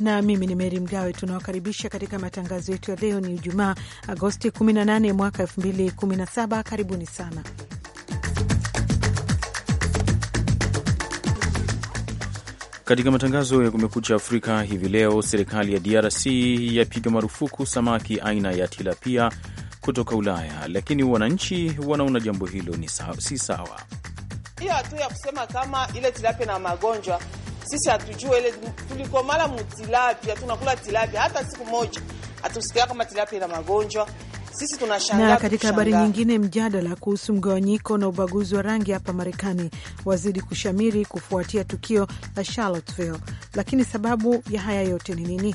na mimi ni Meri Mgawe. Tunawakaribisha katika matangazo yetu ya leo. Ni Ijumaa, Agosti 18 mwaka 2017. Karibuni sana. Katika matangazo ya Kumekucha Afrika hivi leo, serikali ya DRC yapiga marufuku samaki aina ya tilapia kutoka Ulaya, lakini wananchi wanaona jambo hilo ni si sawa. Hiyo hatu ya kusema kama ile tilapia na magonjwa sisi hatujue ile tulikomala mutilapia, tunakula tilapia, hata siku moja hatusikia kama tilapia ina magonjwa. Sisi tunashangaa. Na katika habari nyingine, mjadala kuhusu mgawanyiko na ubaguzi wa rangi hapa Marekani wazidi kushamiri kufuatia tukio la Charlottesville, lakini sababu ya haya yote ni nini?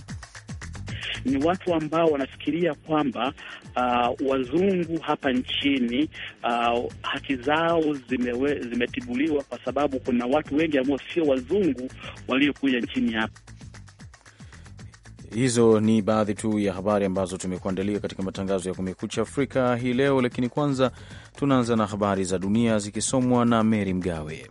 ni watu ambao wanafikiria kwamba uh, wazungu hapa nchini uh, haki zao zimewe, zimetibuliwa kwa sababu kuna watu wengi ambao sio wazungu waliokuja nchini hapa. Hizo ni baadhi tu ya habari ambazo tumekuandalia katika matangazo ya Kumekucha Afrika hii leo, lakini kwanza tunaanza na habari za dunia zikisomwa na Meri Mgawe.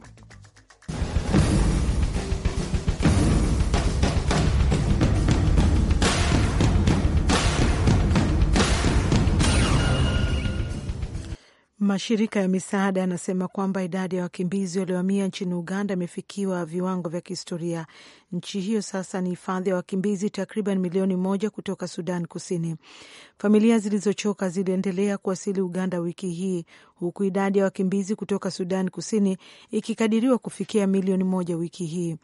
Mashirika ya misaada yanasema kwamba idadi ya wakimbizi waliohamia nchini Uganda imefikiwa viwango vya kihistoria. Nchi hiyo sasa ni hifadhi ya wakimbizi takriban milioni moja kutoka Sudan Kusini. Familia zilizochoka ziliendelea kuwasili Uganda wiki hii huku idadi ya wakimbizi kutoka Sudan Kusini ikikadiriwa kufikia milioni moja wiki hii.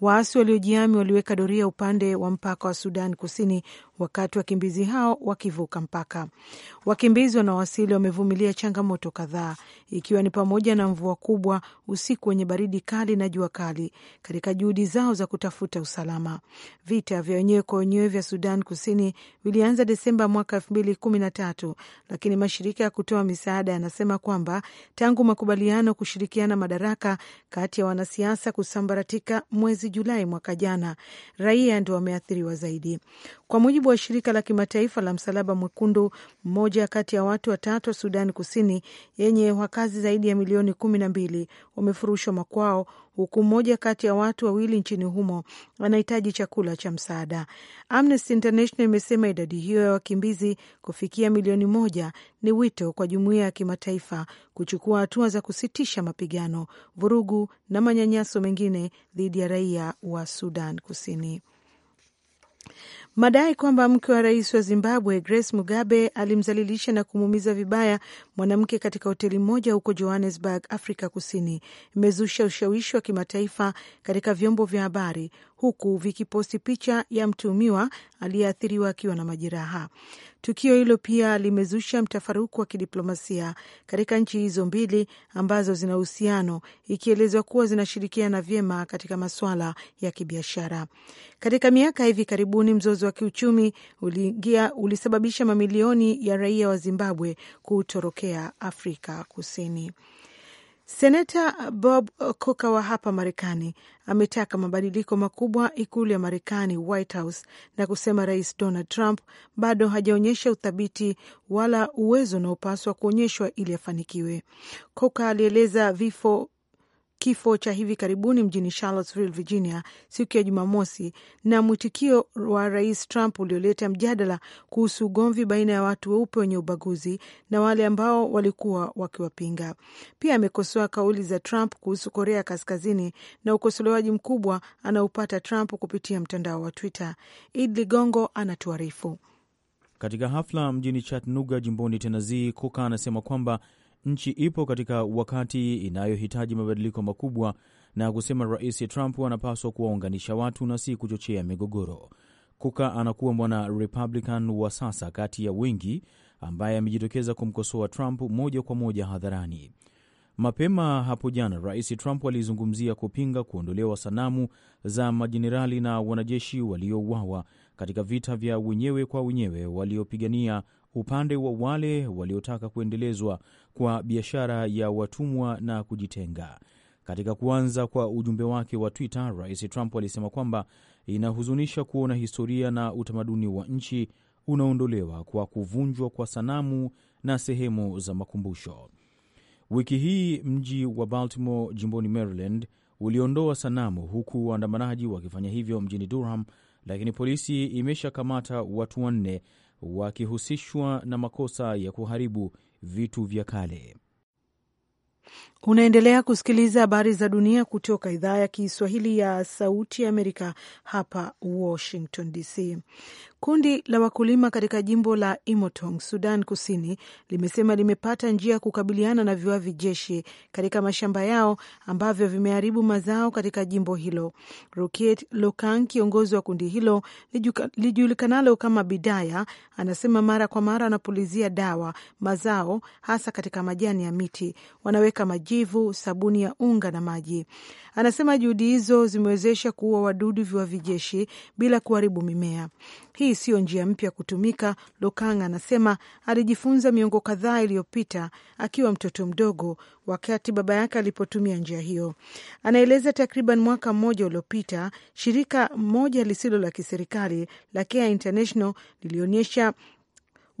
Waasi waliojihami waliweka doria upande wa mpaka wa Sudan Kusini wakati wakimbizi hao wakivuka mpaka. Wakimbizi wanaowasili wamevumilia changamoto kadhaa, ikiwa ni pamoja na mvua kubwa, usiku wenye baridi kali na jua kali, katika juhudi zao za kutafuta usalama. Vita vya wenyewe kwa wenyewe vya Sudan Kusini vilianza Desemba mwaka elfu mbili kumi na tatu, lakini mashirika ya kutoa misaada yanasema kwamba tangu makubaliano kushirikiana madaraka kati ya wanasiasa kusambaratika mwezi Julai mwaka jana, raia ndio wameathiriwa zaidi. Kwa mujibu wa shirika la kimataifa la Msalaba Mwekundu, mmoja kati ya watu watatu wa Sudani Kusini yenye wakazi zaidi ya milioni kumi na mbili wamefurushwa makwao huku mmoja kati ya watu wawili nchini humo wanahitaji chakula cha msaada. Amnesty International imesema idadi hiyo ya wakimbizi kufikia milioni moja ni wito kwa jumuiya ya kimataifa kuchukua hatua za kusitisha mapigano, vurugu na manyanyaso mengine dhidi ya raia wa Sudan Kusini. Madai kwamba mke wa rais wa Zimbabwe Grace Mugabe alimzalilisha na kumuumiza vibaya mwanamke katika hoteli moja huko Johannesburg, Afrika Kusini, imezusha ushawishi wa kimataifa katika vyombo vya habari, huku vikiposti picha ya mtuhumiwa aliyeathiriwa akiwa na majeraha. Tukio hilo pia limezusha mtafaruku wa kidiplomasia katika nchi hizo mbili ambazo zina uhusiano, ikielezwa kuwa zinashirikiana vyema katika masuala ya kibiashara. Katika miaka hivi karibuni, mzozo wa kiuchumi uliingia ulisababisha mamilioni ya raia wa Zimbabwe kutorokea Afrika Kusini. Senata Bob cooka wa hapa Marekani ametaka mabadiliko makubwa ikulu ya Marekani, White House, na kusema Rais Donald Trump bado hajaonyesha uthabiti wala uwezo unaopaswa kuonyeshwa ili afanikiwe. Coker alieleza vifo kifo cha hivi karibuni mjini Charlottesville, Virginia, siku ya Jumamosi na mwitikio wa Rais Trump ulioleta mjadala kuhusu ugomvi baina ya watu weupe wenye ubaguzi na wale ambao walikuwa wakiwapinga. Pia amekosoa kauli za Trump kuhusu Korea Kaskazini na ukosolewaji mkubwa anaopata Trump kupitia mtandao wa Twitter. Id Ligongo anatuarifu. Katika hafla mjini Chattanooga, jimboni Tennessee, Kuka anasema kwamba nchi ipo katika wakati inayohitaji mabadiliko makubwa, na kusema Rais Trump anapaswa kuwaunganisha watu na si kuchochea migogoro. Kuka anakuwa mwana Republican wa sasa kati ya wengi ambaye amejitokeza kumkosoa Trump moja kwa moja hadharani. Mapema hapo jana, Rais Trump alizungumzia kupinga kuondolewa sanamu za majenerali na wanajeshi waliouawa katika vita vya wenyewe kwa wenyewe waliopigania upande wa wale waliotaka kuendelezwa kwa biashara ya watumwa na kujitenga. Katika kuanza kwa ujumbe wake wa Twitter, Rais Trump alisema kwamba inahuzunisha kuona historia na utamaduni wa nchi unaondolewa kwa kuvunjwa kwa sanamu na sehemu za makumbusho. Wiki hii mji wa Baltimore jimboni Maryland uliondoa sanamu, huku waandamanaji wakifanya hivyo mjini Durham, lakini polisi imeshakamata watu wanne wakihusishwa na makosa ya kuharibu vitu vya kale. Unaendelea kusikiliza habari za dunia kutoka idhaa ya Kiswahili ya Sauti ya Amerika hapa Washington DC. Kundi la wakulima katika jimbo la Imotong, Sudan Kusini, limesema limepata njia ya kukabiliana na viwavi jeshi katika mashamba yao ambavyo vimeharibu mazao katika jimbo hilo. Rukiet Lokang, kiongozi wa kundi hilo lijulikanalo kama Bidaya, anasema mara kwa mara wanapulizia dawa mazao, hasa katika majani ya miti, wanaweka majivu, sabuni ya unga na maji. Anasema juhudi hizo zimewezesha kuua wadudu viwavi jeshi bila kuharibu mimea hii hii siyo njia mpya kutumika. Lokang anasema alijifunza miongo kadhaa iliyopita akiwa mtoto mdogo, wakati baba yake alipotumia njia hiyo. Anaeleza takriban mwaka mmoja uliopita, shirika moja lisilo la kiserikali la Care International lilionyesha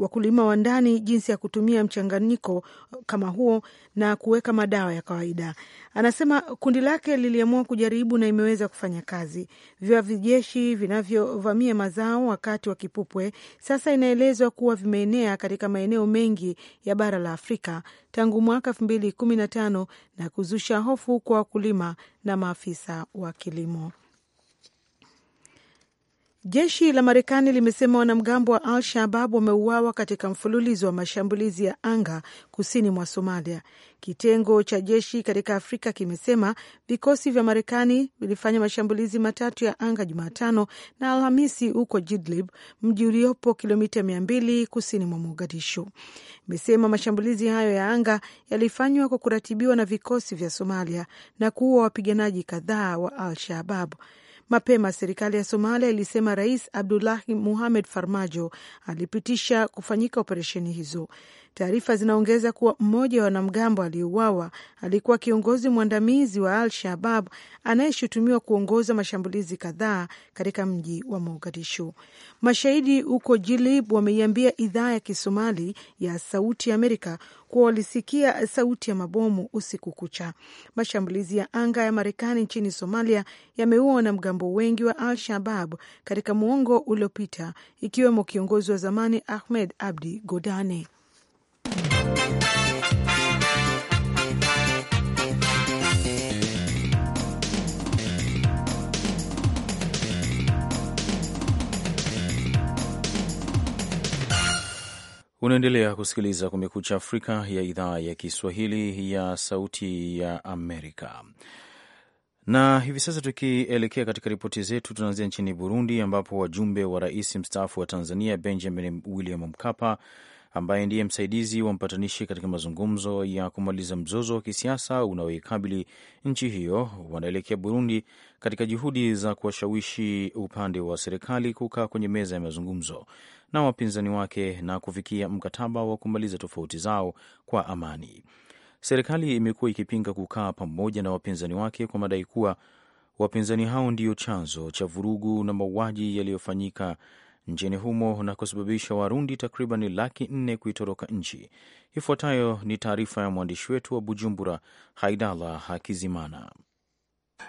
wakulima wa ndani jinsi ya kutumia mchanganyiko kama huo na kuweka madawa ya kawaida. Anasema kundi lake liliamua kujaribu na imeweza kufanya kazi. Vya vijeshi vinavyovamia mazao wakati wa kipupwe sasa inaelezwa kuwa vimeenea katika maeneo mengi ya bara la Afrika tangu mwaka elfu mbili kumi na tano na kuzusha hofu kwa wakulima na maafisa wa kilimo. Jeshi la Marekani limesema wanamgambo wa Al Shabab wameuawa katika mfululizo wa mashambulizi ya anga kusini mwa Somalia. Kitengo cha jeshi katika Afrika kimesema vikosi vya Marekani vilifanya mashambulizi matatu ya anga Jumatano na Alhamisi huko Jidlib, mji uliopo kilomita mia mbili kusini mwa Mogadishu. Imesema mashambulizi hayo ya anga yalifanywa kwa kuratibiwa na vikosi vya Somalia na kuua wapiganaji kadhaa wa Al Shabab. Mapema serikali ya Somalia ilisema Rais Abdullahi Muhamed Farmajo alipitisha kufanyika operesheni hizo Taarifa zinaongeza kuwa mmoja wa wanamgambo aliyeuawa alikuwa kiongozi mwandamizi wa Al Shabab anayeshutumiwa kuongoza mashambulizi kadhaa katika mji wa Mogadishu. Mashahidi huko Jilib wameiambia idhaa ya Kisomali ya Sauti ya Amerika kuwa walisikia sauti ya mabomu usiku kucha. Mashambulizi ya anga ya Marekani nchini Somalia yameua wanamgambo wengi wa Al Shabab katika muongo uliopita, ikiwemo kiongozi wa zamani Ahmed Abdi Godane. Unaendelea kusikiliza Kumekucha Afrika ya idhaa ya Kiswahili ya Sauti ya Amerika. Na hivi sasa tukielekea katika ripoti zetu, tunaanzia nchini Burundi ambapo wajumbe wa rais mstaafu wa Tanzania Benjamin William Mkapa ambaye ndiye msaidizi wa mpatanishi katika mazungumzo ya kumaliza mzozo wa kisiasa unaoikabili nchi hiyo, wanaelekea Burundi katika juhudi za kuwashawishi upande wa serikali kukaa kwenye meza ya mazungumzo na wapinzani wake na kufikia mkataba wa kumaliza tofauti zao kwa amani. Serikali imekuwa ikipinga kukaa pamoja na wapinzani wake kwa madai kuwa wapinzani hao ndio chanzo cha vurugu na mauaji yaliyofanyika nchini humo na kusababisha Warundi takriban laki nne kuitoroka nchi. Ifuatayo ni taarifa ya mwandishi wetu wa Bujumbura, Haidala Hakizimana.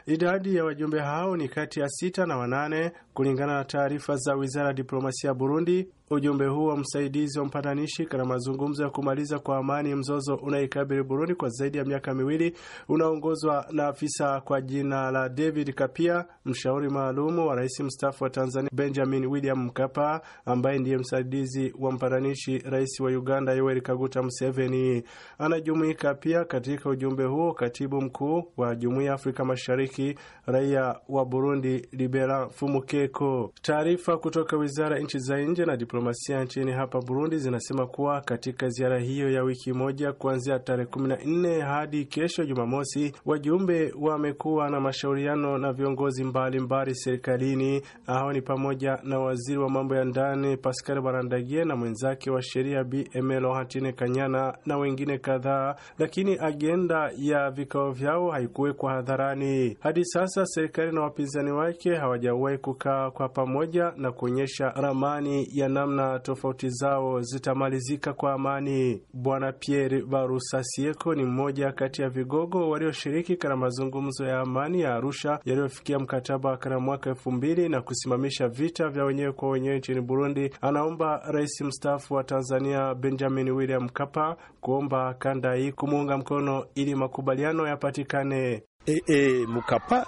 Idadi ya wajumbe hao ni kati ya sita na wanane kulingana na taarifa za wizara ya diplomasia ya Burundi Ujumbe huo msaidizi wa mpatanishi katika mazungumzo ya kumaliza kwa amani mzozo unaikabili Burundi kwa zaidi ya miaka miwili unaongozwa na afisa kwa jina la David Kapia, mshauri maalum wa rais mstaafu wa Tanzania Benjamin William Mkapa, ambaye ndiye msaidizi wa mpatanishi rais wa Uganda Yoweri Kaguta Museveni. Anajumuika pia katika ujumbe huo katibu mkuu wa Jumuiya ya Afrika Mashariki, raia wa Burundi Libera Fumukeko. Taarifa kutoka wizara ya nchi za nje na diplomasia diplomasia nchini hapa Burundi zinasema kuwa katika ziara hiyo ya wiki moja kuanzia tarehe 14 hadi kesho Jumamosi, wajumbe wamekuwa na mashauriano na viongozi mbalimbali serikalini. Hao ni pamoja na waziri wa mambo ya ndani Pascal Barandagie na mwenzake wa sheria Bml Hatine Kanyana na wengine kadhaa, lakini agenda ya vikao vyao haikuwekwa hadharani hadi sasa. Serikali na wapinzani wake hawajawahi kukaa kwa pamoja na kuonyesha ramani ya namna tofauti zao zitamalizika kwa amani. Bwana Pierre Barusasieko ni mmoja kati ya vigogo walioshiriki katika mazungumzo ya amani ya Arusha yaliyofikia mkataba katika mwaka elfu mbili na kusimamisha vita vya wenyewe kwa wenyewe nchini Burundi. Anaomba rais mstaafu wa Tanzania Benjamin William Mkapa kuomba kanda hii kumuunga mkono ili makubaliano yapatikane. E, e, Mkapa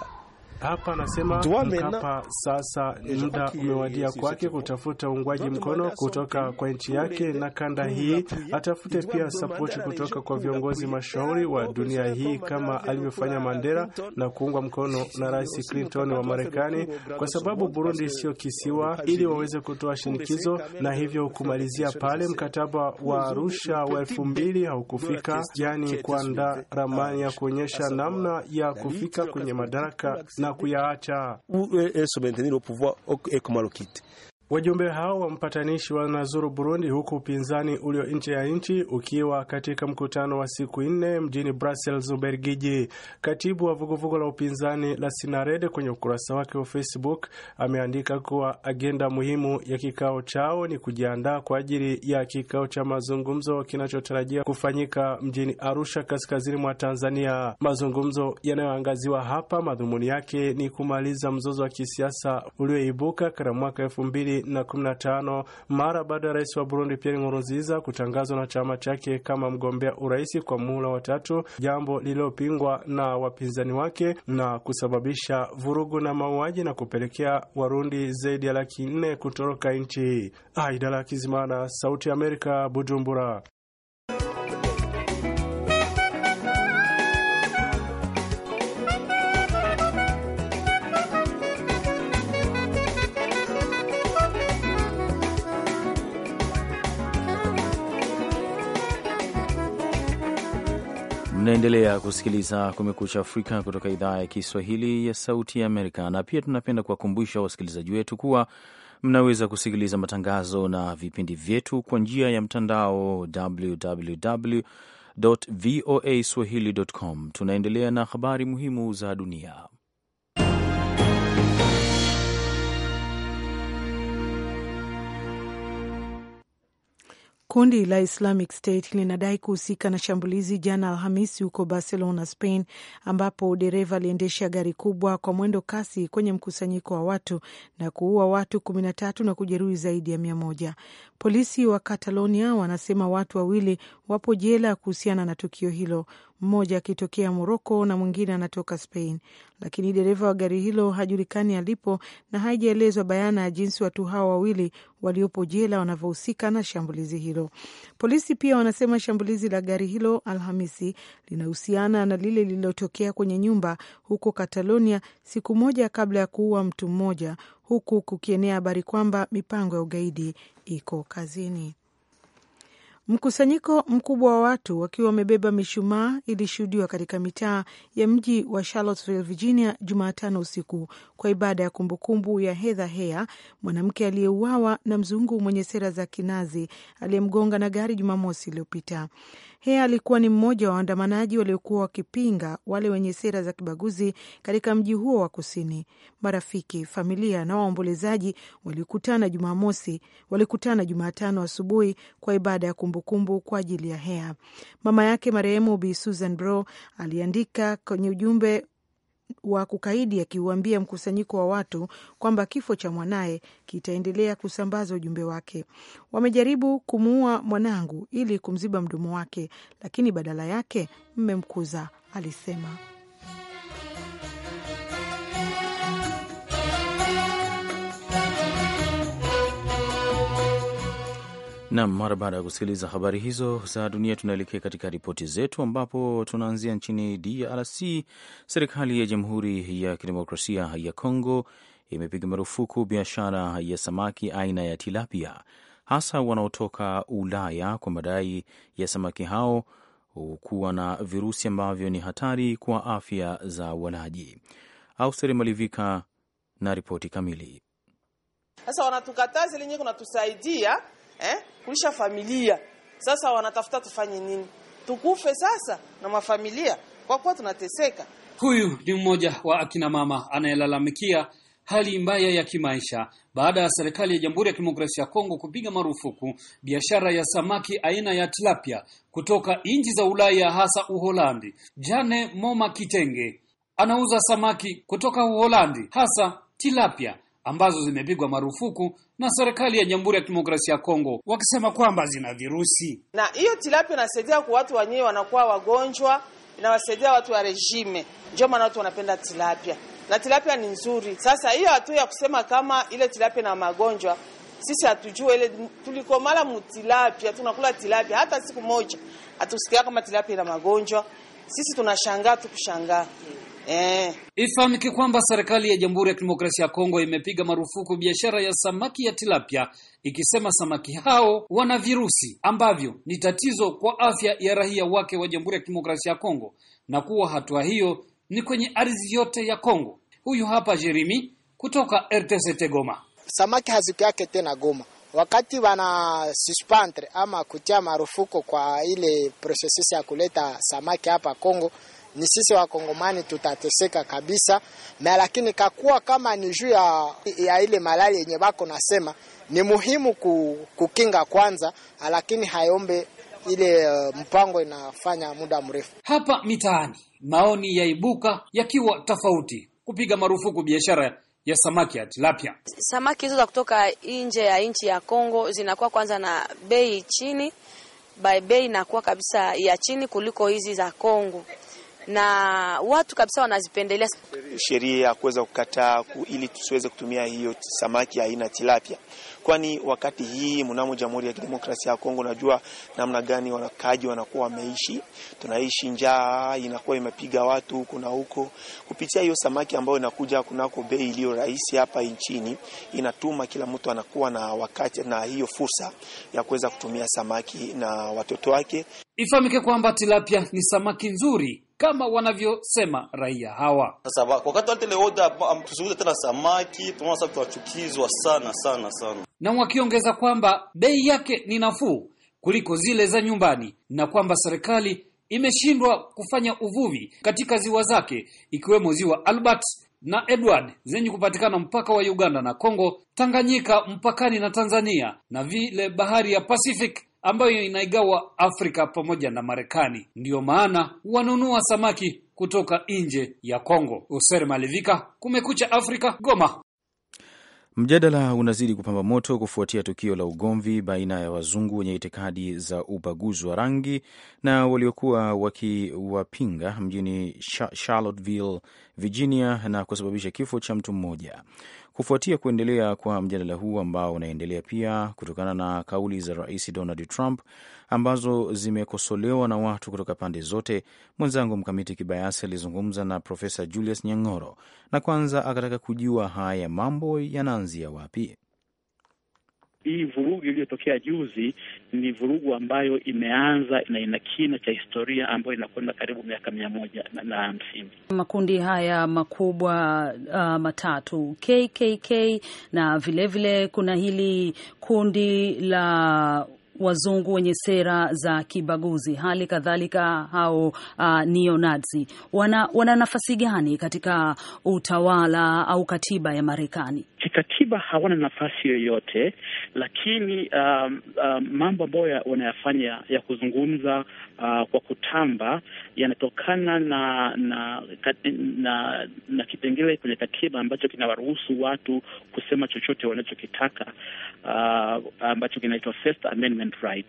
hapa anasema Mkapa sasa muda umewadia kwake kutafuta uungwaji mkono kutoka kwa nchi yake na kanda hii. Atafute pia sapoti kutoka kwa viongozi mashauri wa dunia hii kama alivyofanya Mandela na kuungwa mkono na Rais Clinton wa Marekani, kwa sababu Burundi sio kisiwa, ili waweze kutoa shinikizo na hivyo kumalizia pale mkataba wa Arusha wa elfu mbili haukufika, yani kuandaa ramani ya kuonyesha namna ya kufika kwenye madaraka na Où Ou est-ce maintenir au pouvoir et Wajumbe hao wa mpatanishi wanazuru Burundi, huku upinzani ulio nje ya nchi ukiwa katika mkutano wa siku nne mjini Brussels, Ubelgiji. Katibu wa vuguvugu la upinzani la Sinarede kwenye ukurasa wake wa Facebook ameandika kuwa agenda muhimu ya kikao chao ni kujiandaa kwa ajili ya kikao cha mazungumzo kinachotarajia kufanyika mjini Arusha, kaskazini mwa Tanzania. Mazungumzo yanayoangaziwa hapa, madhumuni yake ni kumaliza mzozo wa kisiasa ulioibuka katika mwaka elfu mbili na tano mara baada ya rais wa Burundi Pierre Nkurunziza kutangazwa na chama chake kama mgombea urais kwa muhula wa tatu, jambo lililopingwa na wapinzani wake na kusababisha vurugu na mauaji na kupelekea Warundi zaidi ya laki nne kutoroka nchi. Aidala Kizimana, Sauti ya Amerika, Bujumbura. Mnaendelea kusikiliza Kumekucha Afrika kutoka idhaa ya Kiswahili ya Sauti ya Amerika, na pia tunapenda kuwakumbusha wasikilizaji wetu kuwa mnaweza kusikiliza matangazo na vipindi vyetu kwa njia ya mtandao www voa swahili.com. Tunaendelea na habari muhimu za dunia. Kundi la Islamic State linadai kuhusika na shambulizi jana Alhamisi huko Barcelona, Spain, ambapo dereva aliendesha gari kubwa kwa mwendo kasi kwenye mkusanyiko wa watu na kuua watu kumi na tatu na kujeruhi zaidi ya mia moja. Polisi wa Catalonia wanasema watu wawili wapo jela kuhusiana na tukio hilo, mmoja akitokea Moroko na mwingine anatoka Spain, lakini dereva wa gari hilo hajulikani alipo na haijaelezwa bayana ya jinsi watu hao wawili waliopo jela wanavyohusika na shambulizi hilo. Polisi pia wanasema shambulizi la gari hilo Alhamisi linahusiana na lile lililotokea kwenye nyumba huko Catalonia siku moja kabla ya kuua mtu mmoja, huku kukienea habari kwamba mipango ya ugaidi iko kazini. Mkusanyiko mkubwa wa watu wakiwa wamebeba mishumaa ilishuhudiwa katika mitaa ya mji wa Charlottesville, Virginia, Jumatano usiku kwa ibada ya kumbukumbu ya Heather Heyer, mwanamke aliyeuawa na mzungu mwenye sera za kinazi aliyemgonga na gari Jumamosi iliyopita. Hea alikuwa ni mmoja wa waandamanaji waliokuwa wakipinga wale wenye sera za kibaguzi katika mji huo wa kusini. Marafiki, familia na waombolezaji walikutana Jumamosi, walikutana Jumatano asubuhi kwa ibada ya kumbukumbu kwa ajili ya Hea. Mama yake marehemu Bi Susan Bro aliandika kwenye ujumbe wa kukaidi akiuambia mkusanyiko wa watu kwamba kifo cha mwanaye kitaendelea kusambaza ujumbe wake. Wamejaribu kumuua mwanangu ili kumziba mdomo wake, lakini badala yake mmemkuza, alisema. Nam, mara baada ya kusikiliza habari hizo za dunia, tunaelekea katika ripoti zetu, ambapo tunaanzia nchini DRC. Serikali ya Jamhuri ya Kidemokrasia ya Kongo imepiga marufuku biashara ya samaki aina ya tilapia, hasa wanaotoka Ulaya kwa madai ya samaki hao kuwa na virusi ambavyo ni hatari kwa afya za walaji. Austeri Malivika na ripoti kamili. Sasa wanatukataza lenyewe kunatusaidia eh? kulisha familia. Sasa wanatafuta tufanye nini? Tukufe sasa na mafamilia kwa kuwa tunateseka. Huyu ni mmoja wa akina mama anayelalamikia hali mbaya ya kimaisha baada ya serikali ya Jamhuri ya Kidemokrasia ya Kongo kupiga marufuku biashara ya samaki aina ya tilapia kutoka nchi za Ulaya hasa Uholandi. Jane Moma Kitenge anauza samaki kutoka Uholandi hasa tilapia ambazo zimepigwa marufuku na serikali ya Jamhuri ya Kidemokrasia ya Kongo, wakisema kwamba zina virusi. Na hiyo tilapia inasaidia kwa watu wenyewe wanakuwa wagonjwa, inawasaidia watu wa rejime, ndio maana watu wanapenda tilapia na tilapia ni nzuri. Sasa hiyo hatu ya kusema kama ile tilapia na magonjwa, sisi hatujue ile tulikomala mutilapia, tunakula tilapia hata siku moja hatusikia kama tilapia ina magonjwa. Sisi tunashangaa tu kushangaa Eh. Ifahamike kwamba serikali ya Jamhuri ya Kidemokrasia ya Kongo imepiga marufuku biashara ya samaki ya tilapia ikisema samaki hao wana virusi ambavyo ni tatizo kwa afya ya raia wake wa Jamhuri ya Kidemokrasia ya Kongo na kuwa hatua hiyo ni kwenye ardhi yote ya Kongo. Huyu hapa jeremi kutoka rtc Goma. Samaki yake tena Goma wakati wana suspendre ama kutia marufuku kwa ile processes ya kuleta samaki hapa Kongo ni sisi wakongomani tutateseka kabisa na, lakini kakuwa kama ni juu ya, ya ile malali yenye bako nasema ni muhimu kukinga kwanza, lakini hayombe ile uh, mpango inafanya muda mrefu. Hapa mitaani maoni yaibuka yakiwa tofauti, kupiga marufuku biashara ya samaki ya tilapia. Samaki hizo za kutoka nje ya nchi ya Kongo zinakuwa kwanza na bei chini, bei inakuwa kabisa ya chini kuliko hizi za Kongo na watu kabisa wanazipendelea sheria ya kuweza kukataa ili tusiweze kutumia hiyo samaki aina tilapia, kwani wakati hii mnamo Jamhuri ya Kidemokrasia ya Kongo, najua namna gani wanakaji wanakuwa wameishi, tunaishi njaa inakuwa imepiga watu huko na huko. Kupitia hiyo samaki ambayo inakuja kunako bei iliyo rahisi hapa nchini, inatuma kila mtu anakuwa na wakati na hiyo fursa ya kuweza kutumia samaki na watoto wake. Ifahamike kwamba tilapia ni samaki nzuri kama wanavyosema raia hawa. Sasa wakati ile oda tuzungumze tena samaki, tunaona sasa tunachukizwa sana sana sana, na wakiongeza kwamba bei yake ni nafuu kuliko zile za nyumbani na kwamba serikali imeshindwa kufanya uvuvi katika ziwa zake ikiwemo ziwa Albert na Edward zenye kupatikana mpaka wa Uganda na Kongo, Tanganyika mpakani na Tanzania, na vile bahari ya Pacific ambayo inaigawa Afrika pamoja na Marekani. Ndiyo maana wanunua samaki kutoka nje ya Kongo. Oser Malivika, Kumekucha Afrika, Goma. Mjadala unazidi kupamba moto kufuatia tukio la ugomvi baina ya wazungu wenye itikadi za ubaguzi wa rangi na waliokuwa wakiwapinga mjini Charlottesville, Virginia, na kusababisha kifo cha mtu mmoja kufuatia kuendelea kwa mjadala huu ambao unaendelea pia kutokana na kauli za Rais Donald Trump ambazo zimekosolewa na watu kutoka pande zote. Mwenzangu Mkamiti Kibayasi alizungumza na Profesa Julius Nyang'oro na kwanza akataka kujua haya mambo yanaanzia wapi hii vurugu iliyotokea juzi ni vurugu ambayo imeanza na ina kina cha historia ambayo inakwenda karibu miaka mia moja na hamsini. Makundi haya makubwa uh, matatu KKK na vilevile vile kuna hili kundi la wazungu wenye sera za kibaguzi, hali kadhalika hao uh, neonazi wana, wana nafasi gani katika utawala au katiba ya Marekani? kikatiba hawana nafasi yoyote, lakini uh, uh, mambo ambayo wanayafanya ya kuzungumza uh, kwa kutamba yanatokana na na, na na kipengele kwenye katiba ambacho kinawaruhusu watu kusema chochote wanachokitaka uh, ambacho kinaitwa First Amendment right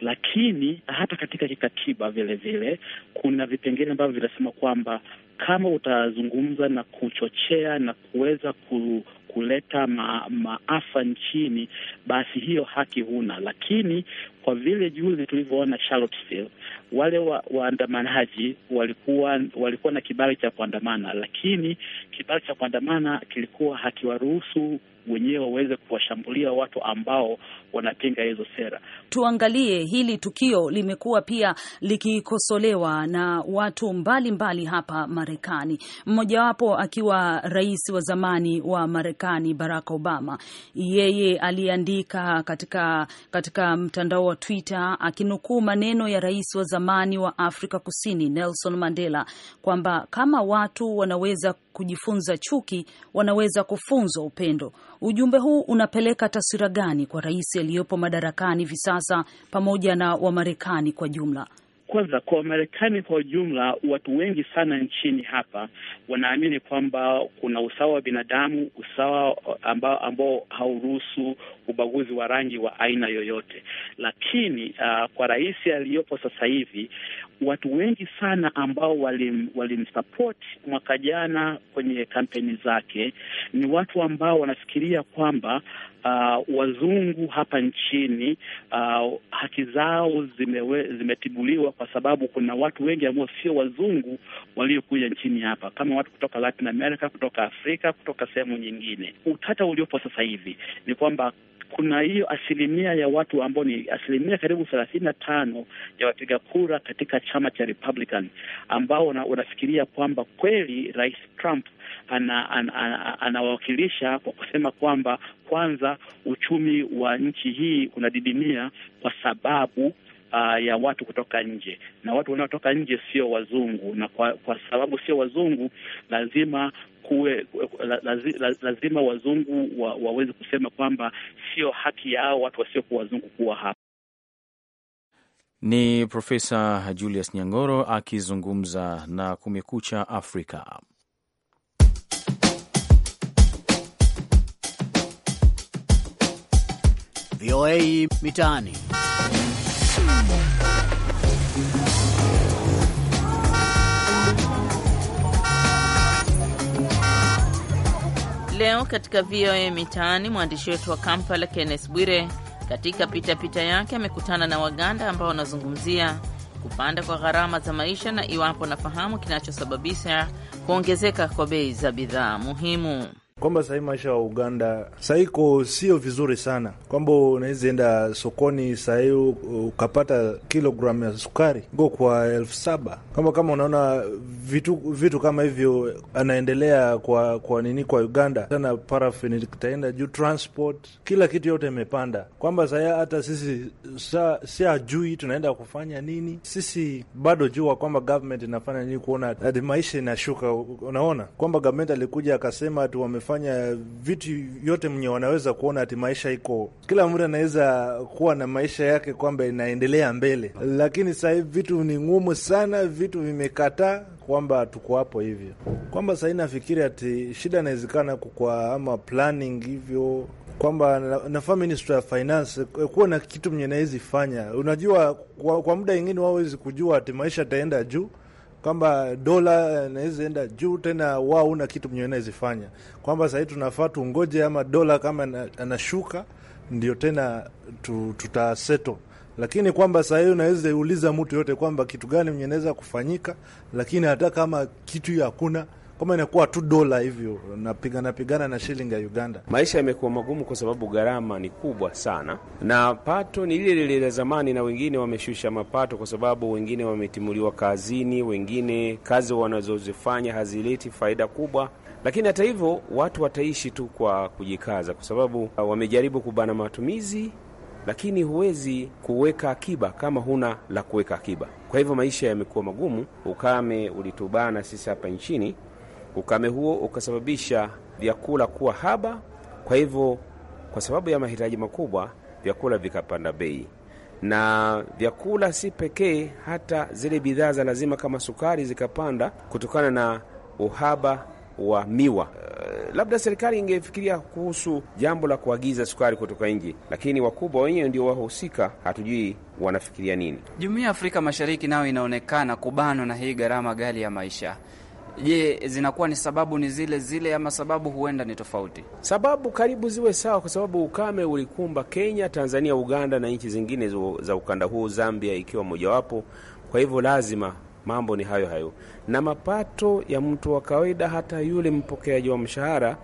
lakini hata katika kikatiba vile vile kuna vipengele ambavyo vinasema kwamba kama utazungumza na kuchochea na kuweza ku, kuleta ma, maafa nchini, basi hiyo haki huna. Lakini kwa vile juzi tulivyoona Charlottesville, wale wa, waandamanaji walikuwa walikuwa na kibali cha kuandamana, lakini kibali cha kuandamana kilikuwa hakiwaruhusu wenyewe waweze kuwashambulia watu ambao wanapinga hizo sera. Tuangalie hili tukio, limekuwa pia likikosolewa na watu mbalimbali mbali hapa Marekani, mmojawapo akiwa rais wa zamani wa Marekani Barack Obama. Yeye aliandika katika, katika mtandao wa Twitter akinukuu maneno ya rais wa zamani wa Afrika Kusini Nelson Mandela kwamba kama watu wanaweza kujifunza chuki wanaweza kufunzwa upendo. Ujumbe huu unapeleka taswira gani kwa rais aliyepo madarakani hivi sasa pamoja na Wamarekani kwa jumla? kwanza kwa Wamarekani kwa ujumla, watu wengi sana nchini hapa wanaamini kwamba kuna usawa wa binadamu, usawa uh, ambao ambao hauruhusu ubaguzi wa rangi wa aina yoyote. Lakini uh, kwa rais aliyopo sasa hivi watu wengi sana ambao walimsapoti walim mwaka jana kwenye kampeni zake ni watu ambao wanafikiria kwamba uh, wazungu hapa nchini uh, haki zao zimewe, zimetibuliwa kwa sababu kuna watu wengi ambao sio wazungu waliokuja nchini hapa kama watu kutoka Latin America, kutoka Afrika, kutoka sehemu nyingine. Utata uliopo sasa hivi ni kwamba kuna hiyo asilimia ya watu ambao ni asilimia karibu thelathini na tano ya wapiga kura katika chama cha Republican ambao wanafikiria kwamba kweli Rais Trump anawakilisha ana, ana, ana kwa kusema kwamba kwanza uchumi wa nchi hii unadidimia kwa sababu Uh, ya watu kutoka nje na watu wanaotoka nje sio wazungu, na kwa, kwa sababu sio wazungu lazima kuwe lazi, lazima wazungu wa, waweze kusema kwamba sio haki yao watu wasiokuwa wazungu kuwa hapa. Ni Profesa Julius Nyangoro akizungumza na Kumekucha Afrika. VOA Mitaani. Leo katika VOA Mitaani, mwandishi wetu wa Kampala Kenneth Bwire katika pitapita yake amekutana na Waganda ambao wanazungumzia kupanda kwa gharama za maisha na iwapo nafahamu kinachosababisha kuongezeka kwa bei za bidhaa muhimu kwamba sahii maisha wa Uganda saiko sio vizuri sana, kwamba unaweza enda sokoni sahii ukapata kilogramu ya sukari ngo kwa elfu saba kwamba kama unaona vitu, vitu kama hivyo anaendelea kwa kwa nini kwa Uganda sana, parafin itaenda juu, transport kila kitu yote imepanda, kwamba sahii hata sisi sa, si ajui tunaenda kufanya nini sisi, bado jua kwamba government inafanya nini kuona ati maisha inashuka. Unaona kwamba government alikuja akasema ati wame wanafanya vitu yote mwenye wanaweza kuona ati maisha iko, kila mtu anaweza kuwa na maisha yake kwamba inaendelea mbele, lakini saa hivi vitu ni ngumu sana, vitu vimekataa kwamba tuko hapo hivyo, kwamba sahii nafikiri ati shida inawezekana kukwa ama planning hivyo kwamba nafaa ministry ya finance eh, kuwa na kitu mwenye nawezi fanya. Unajua, kwa, kwa muda ingine wawezi kujua ati maisha ataenda juu kwamba dola anaweza enda juu tena, wao una kitu mwenyewe naezifanya kwamba sahii tunafaa tungoje ama dola kama anashuka ndio tena tutaseto lakini kwamba saa hii unaweza uliza mtu yote kwamba kitu gani mwenye naweza kufanyika, lakini hata kama kitu hiyo hakuna, kama inakuwa tu dola hivyo napigana pigana na shilingi ya Uganda. Maisha yamekuwa magumu kwa sababu gharama ni kubwa sana, na pato ni lile lile la zamani, na wengine wameshusha mapato kwa sababu wengine wametimuliwa kazini, wengine kazi wanazozifanya hazileti faida kubwa lakini hata hivyo watu wataishi tu kwa kujikaza, kwa sababu uh, wamejaribu kubana matumizi, lakini huwezi kuweka akiba kama huna la kuweka akiba. Kwa hivyo maisha yamekuwa magumu. Ukame ulitubana sisi hapa nchini, Ukame huo ukasababisha vyakula kuwa haba, kwa hivyo kwa sababu ya mahitaji makubwa vyakula vikapanda bei, na vyakula si pekee, hata zile bidhaa za lazima kama sukari zikapanda kutokana na uhaba wa miwa. Uh, labda serikali ingefikiria kuhusu jambo la kuagiza sukari kutoka nje, lakini wakubwa wenyewe ndio wahusika, hatujui wanafikiria nini. Jumuiya ya Afrika Mashariki nayo inaonekana kubanwa na hii gharama ghali ya maisha. Je, zinakuwa ni sababu ni zile zile ama sababu huenda ni tofauti? Sababu karibu ziwe sawa, kwa sababu ukame ulikumba Kenya, Tanzania, Uganda na nchi zingine za ukanda huu, Zambia ikiwa mojawapo. Kwa hivyo lazima mambo ni hayo hayo, na mapato ya mtu wa kawaida, hata yule mpokeaji wa mshahara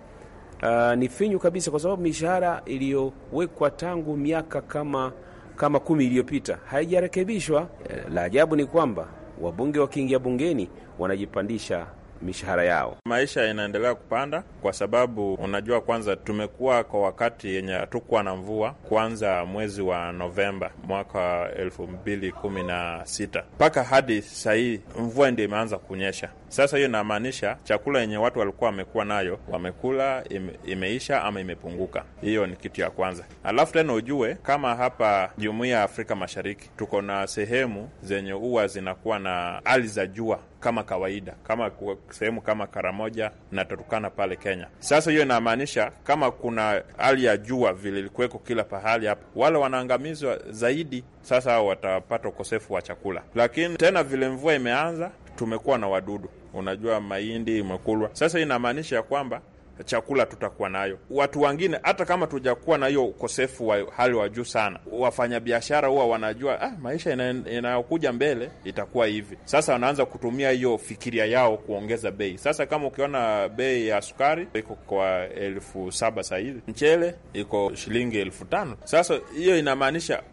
uh, ni finyu kabisa, kwa sababu mishahara iliyowekwa tangu miaka kama kama kumi iliyopita haijarekebishwa. Eh, la ajabu ni kwamba wabunge wakiingia bungeni wanajipandisha mishahara yao. Maisha inaendelea kupanda kwa sababu unajua, kwanza tumekuwa kwa wakati yenye hatukuwa na mvua kwanza mwezi wa Novemba mwaka elfu mbili kumi na sita mpaka hadi sahii mvua ndio imeanza kunyesha. Sasa hiyo inamaanisha chakula yenye watu walikuwa wamekuwa nayo wamekula ime, imeisha ama imepunguka. Hiyo ni kitu ya kwanza. Alafu tena ujue kama hapa jumuiya ya Afrika Mashariki tuko na sehemu zenye huwa zinakuwa na hali za jua kama kawaida, kama sehemu kama Karamoja na Turkana pale Kenya. Sasa hiyo inamaanisha kama kuna hali ya jua vile ilikuweko kila pahali hapa, wale wanaangamizwa zaidi. Sasa watapata ukosefu wa chakula, lakini tena vile mvua imeanza, tumekuwa na wadudu unajua mahindi imekulwa. Sasa inamaanisha ya kwamba chakula tutakuwa nayo. Watu wengine hata kama tujakuwa na hiyo ukosefu wa hali wa juu sana, wafanyabiashara huwa wanajua ah, maisha inayokuja ina mbele itakuwa hivi. Sasa wanaanza kutumia hiyo fikiria yao kuongeza bei. Sasa kama ukiona bei ya sukari iko kwa elfu saba sahizi, mchele iko shilingi elfu tano Sasa hiyo inamaanisha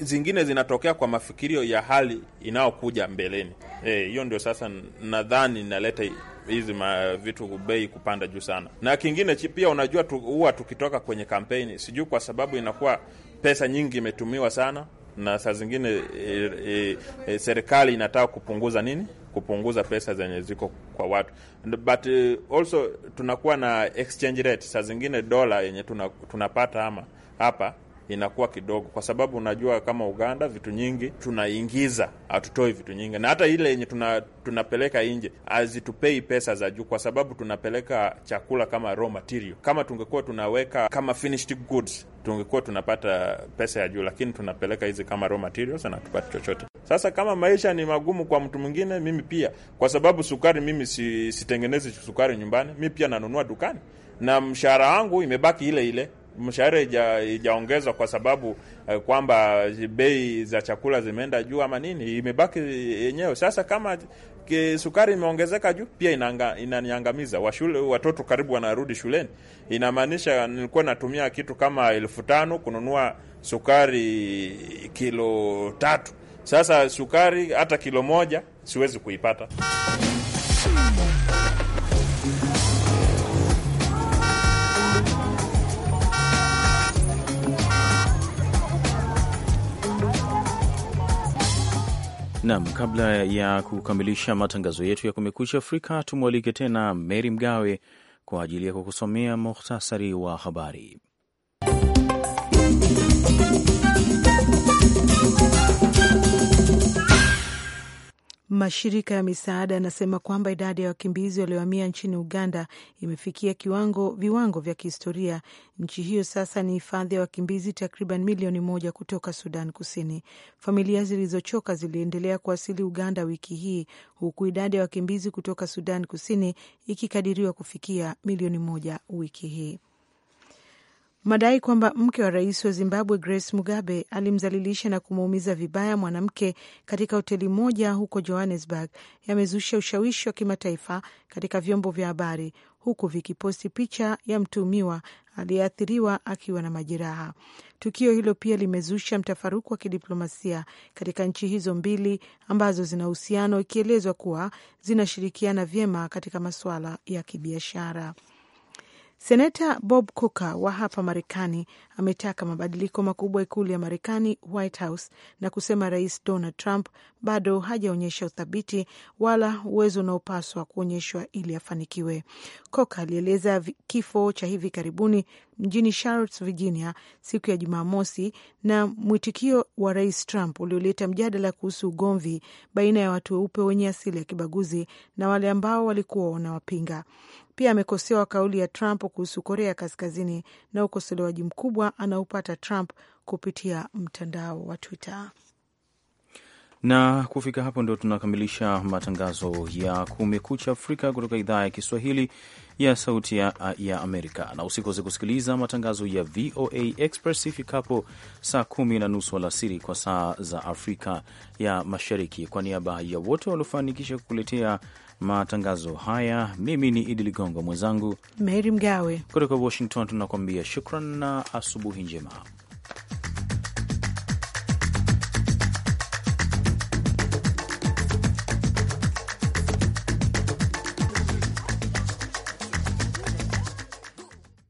zingine zinatokea kwa mafikirio ya hali inayokuja mbeleni. Eh, hiyo hey, ndio sasa nadhani inaleta hizi vitu bei kupanda juu sana. Na kingine pia, unajua huwa tu, tukitoka kwenye kampeni, sijui kwa sababu inakuwa pesa nyingi imetumiwa sana, na saa zingine e, e, e, serikali inataka kupunguza nini, kupunguza pesa zenye ziko kwa watu, but e, also tunakuwa na exchange rate saa zingine dola yenye tunapata tuna ama hapa inakuwa kidogo, kwa sababu unajua kama Uganda vitu nyingi tunaingiza, hatutoi vitu nyingi, na hata ile yenye tuna, tunapeleka nje hazitupei pesa za juu, kwa sababu tunapeleka chakula kama raw material. Kama tungekuwa tunaweka kama finished goods tungekuwa tunapata pesa ya juu, lakini tunapeleka hizi kama raw materials na tupate chochote. Sasa kama maisha ni magumu kwa mtu mwingine, mimi pia, kwa sababu sukari mimi si, sitengenezi sukari nyumbani, mi pia nanunua dukani na mshahara wangu imebaki ile ile mshahara ijaongezwa kwa sababu eh, kwamba bei za chakula zimeenda juu ama nini, imebaki yenyewe. Sasa kama sukari imeongezeka juu, pia inaniangamiza. Washule watoto karibu wanarudi shuleni, inamaanisha nilikuwa natumia kitu kama elfu tano kununua sukari kilo tatu. Sasa sukari hata kilo moja siwezi kuipata Nam, kabla ya kukamilisha matangazo yetu ya Kumekucha Afrika, tumwalike tena mery Mgawe kwa ajili ya kukusomea muhtasari wa habari. Mashirika ya misaada yanasema kwamba idadi ya wakimbizi waliohamia nchini Uganda imefikia kiwango viwango vya kihistoria. Nchi hiyo sasa ni hifadhi ya wakimbizi takriban milioni moja kutoka Sudan Kusini. Familia zilizochoka ziliendelea kuwasili Uganda wiki hii, huku idadi ya wakimbizi kutoka Sudan Kusini ikikadiriwa kufikia milioni moja wiki hii madai kwamba mke wa rais wa Zimbabwe Grace Mugabe alimdhalilisha na kumuumiza vibaya mwanamke katika hoteli moja huko Johannesburg yamezusha ushawishi wa kimataifa katika vyombo vya habari huku vikiposti picha ya mtuhumiwa aliyeathiriwa akiwa na majeraha. Tukio hilo pia limezusha mtafaruku wa kidiplomasia katika nchi hizo mbili ambazo zina uhusiano, ikielezwa kuwa zinashirikiana vyema katika masuala ya kibiashara. Seneta Bob Cooker wa hapa Marekani ametaka mabadiliko makubwa ikulu ya Marekani, White House, na kusema Rais Donald Trump bado hajaonyesha uthabiti wala uwezo unaopaswa kuonyeshwa ili afanikiwe. Cooker alieleza kifo cha hivi karibuni mjini Charlotte, Virginia, siku ya Jumamosi na mwitikio wa Rais Trump ulioleta mjadala kuhusu ugomvi baina ya watu weupe wenye asili ya kibaguzi na wale ambao walikuwa wanawapinga. Pia amekosewa kauli ya Trump kuhusu Korea Kaskazini na ukosolewaji mkubwa anaopata Trump kupitia mtandao wa Twitter. Na kufika hapo ndio tunakamilisha matangazo ya Kumekucha Afrika kutoka idhaa ya Kiswahili ya Sauti ya, ya Amerika. Na usikose kusikiliza matangazo ya VOA Express ifikapo saa kumi na nusu alasiri kwa saa za Afrika ya Mashariki. Kwa niaba ya wote waliofanikisha kukuletea matangazo haya. Mimi ni Idi Ligongo, mwenzangu Meri Mgawe kutoka Washington. Tunakuambia shukran na asubuhi njema.